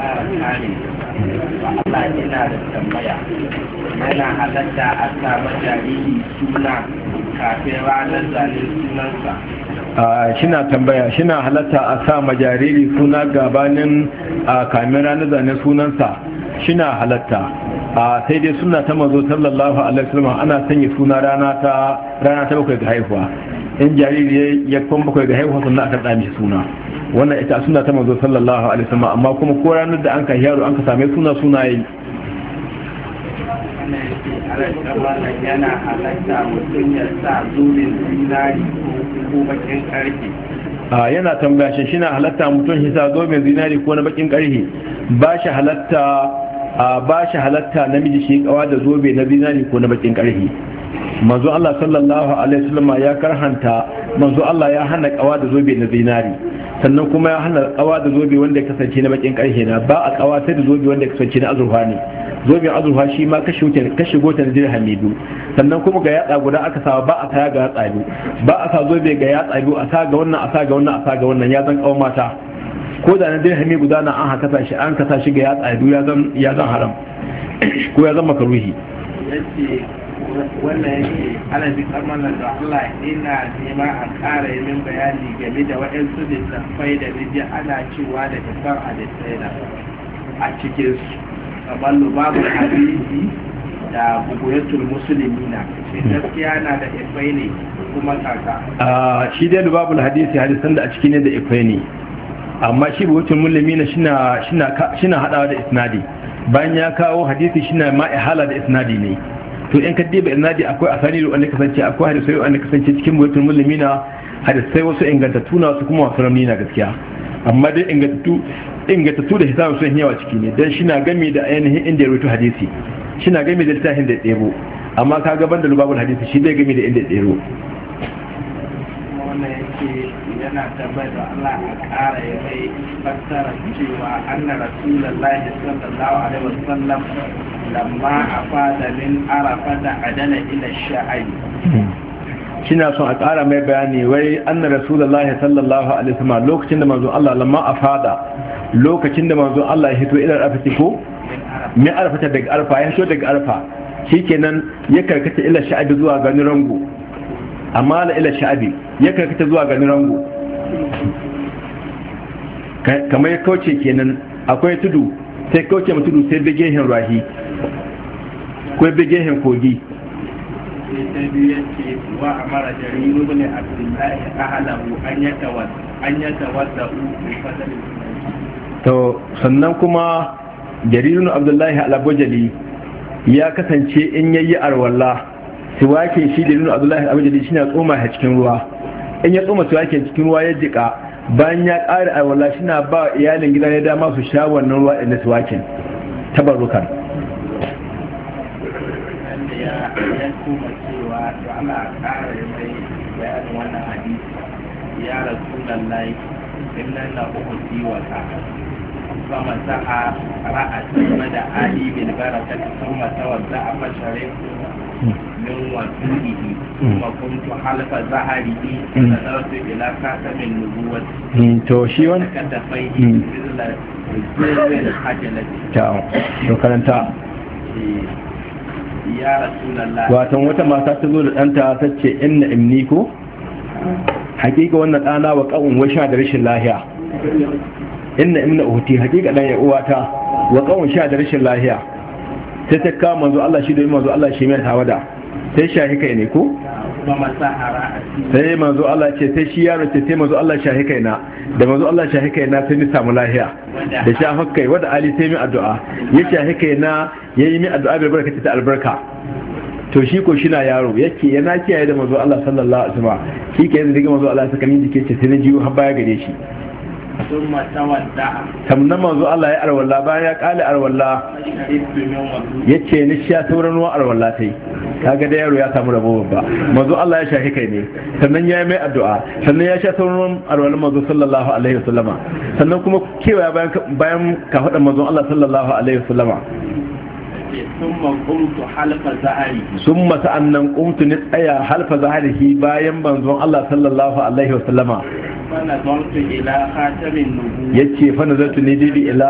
Allah yana da tambaya yana halatta a sa jariri suna kafin ranar zanen sunansa shina tambaya shina halatta a sa majariri suna gabanin a kamin ranar zane sunansa shina halatta a sai dai suna ta mazo sallallahu alaihi wasallam ana sanya suna rana ta rana ta bakwai ga haihuwa in jariri ya kwan bakwai ga haihuwa sannan aka dame suna wannan ita suna ta manzo sallallahu alaihi wasallam amma kuma ko ranar da an ka yaro an ka same suna sunaye yana mutum ya sa zinari ko bakin yana tambaya shi na halatta mutum shi sa zo mai zinari ko na bakin karhe ba shi halatta ba shi halatta namiji shi kawa da zobe na zinari ko na bakin karhe manzo Allah sallallahu alaihi wasallam ya karhanta manzo Allah ya hana kawa da zobe na zinari sannan kuma ya hana kawa da zobe wanda ya kasance na bakin karshe na ba a kawa sai da zobe wanda ya kasance na azurfa ne zobe azurfa shi ma kashe wuce kashe gotan dirhami biyu sannan kuma ga yatsa guda aka sa ba a saya ga yatsa biyu ba a sa zobe ga yatsa biyu a sa ga wannan a sa ga wannan a sa ga wannan ya zan kawo mata ko da na dirhami guda na an haka shi an kasa shi ga yatsa biyu ya zan haram ko ya zan makaruhi wannan ana bi kamar da Allah ina nema a ƙara yin bayani game da waɗansu littattafai da riji ana cewa da kasar a littattafai a cikin su kamar lubabu hadisi da bugoyatul musulmi na gaskiya na da ifai ne kuma kaka shi dai babu hadisi hadisan da a cikin da ifai ne amma shi bugoyatul musulmi na shina hadawa da isnadi bayan ya kawo hadisi shina ihala da isnadi ne to in ka diba ji akwai asani wanda kasance akwai hadisai wanda kasance cikin buwatul mulmina hadisai wasu ingantattu na wasu kuma wasu ramni na gaskiya amma dai ingantattu ingantattu da hisabu sun yawa ciki ne dan shi na gami da ainihin inda ya rutu hadisi shi na gami da littafin da ya ɗebo amma ka ban da lubabul hadisi shi bai gami da inda ya ɗebo yana tabbata Allah ƙara ya mai fassara cewa anna rasulullahi sallallahu alaihi wasallam lamma a afada min arafa arafata adana ila sha'ai kina son a ƙara mai bayani wai anna rasulullahi sallallahu alaihi wasallam lokacin da manzon Allah lamma afada lokacin da manzon Allah ya hito ila arafati ko min arafata daga arfa ya hito daga arfa shikenan ya karkata ila sha'abi zuwa ganin rango amma la ila sha'abi ya karkata zuwa ganin rango kamar ya kauce kenan akwai tudu sai kauce mu tudu sai bigehen rahi ko bi gehen kogi to sannan kuma Jaririn abdullahi alabojali ya kasance in yayi arwalla siwakin shi Jaririn abdullahi alabojali shi na tsoma a cikin ruwa in ya tsoma siwakin cikin ruwa ya jika bayan ya ƙara arwalla shi na ba iyalin gida ya dama su sha wannan ruwa inda siwakin Tabarukan. ya kuma cewa to ana ƙara da mai bayanin wannan hadisi ya rasu lallai illan na uku siwata sama sa'a ra'asi mada ali bin baraka kuma tawadda a fasharin من وكيله ثم كنت حلف زهره فنظرت الى خاتم النبوه توشيون كتفيه مثل الحجله. تمام شكرا تعالى. watan wata mata ta zo da ɗanta ta ce inna imni ko hakika wannan ɗana wa ƙa'un wai sha da rashin lahiya inna imna uhuti hakika dan ɗan uwata wa ƙa'un sha da rashin lahiya sai ta kama manzo Allah shi da manzo Allah shi mai tawada sai shahi kai ne ko sai manzo Allah ce sai shi yaro ce sai manzo Allah shahi kai da manzo Allah shahi kai na sai ni samu lahiya da shafi kai wada ali sai mi addu'a ya shahi kai ya yi mai addu'a bai barka ta albarka to shi ko shina yaro yake yana kiyaye da mazo Allah sallallahu alaihi wasallam shi ke yanzu daga mazo Allah ta kamin jike ce sai na jiyo har baya gare shi summa tawadda kamna manzo Allah ya arwalla bayan ya kale arwalla yace ni sha sauran ruwan arwalla tai kaga da yaro ya samu rabo babba mazo Allah ya shahi kai ne sannan ya yi mai addu'a sannan ya sha sauran ruwan arwalla mazo sallallahu alaihi wasallama sannan kuma kewa bayan bayan ka faɗa mazo Allah sallallahu alaihi wasallama summa qumtu halfa zahari summa sa'annan qumtu ni tsaya halfa zaharihi bayan banzon Allah sallallahu alaihi wasallama yace fa nazartu ni dai ila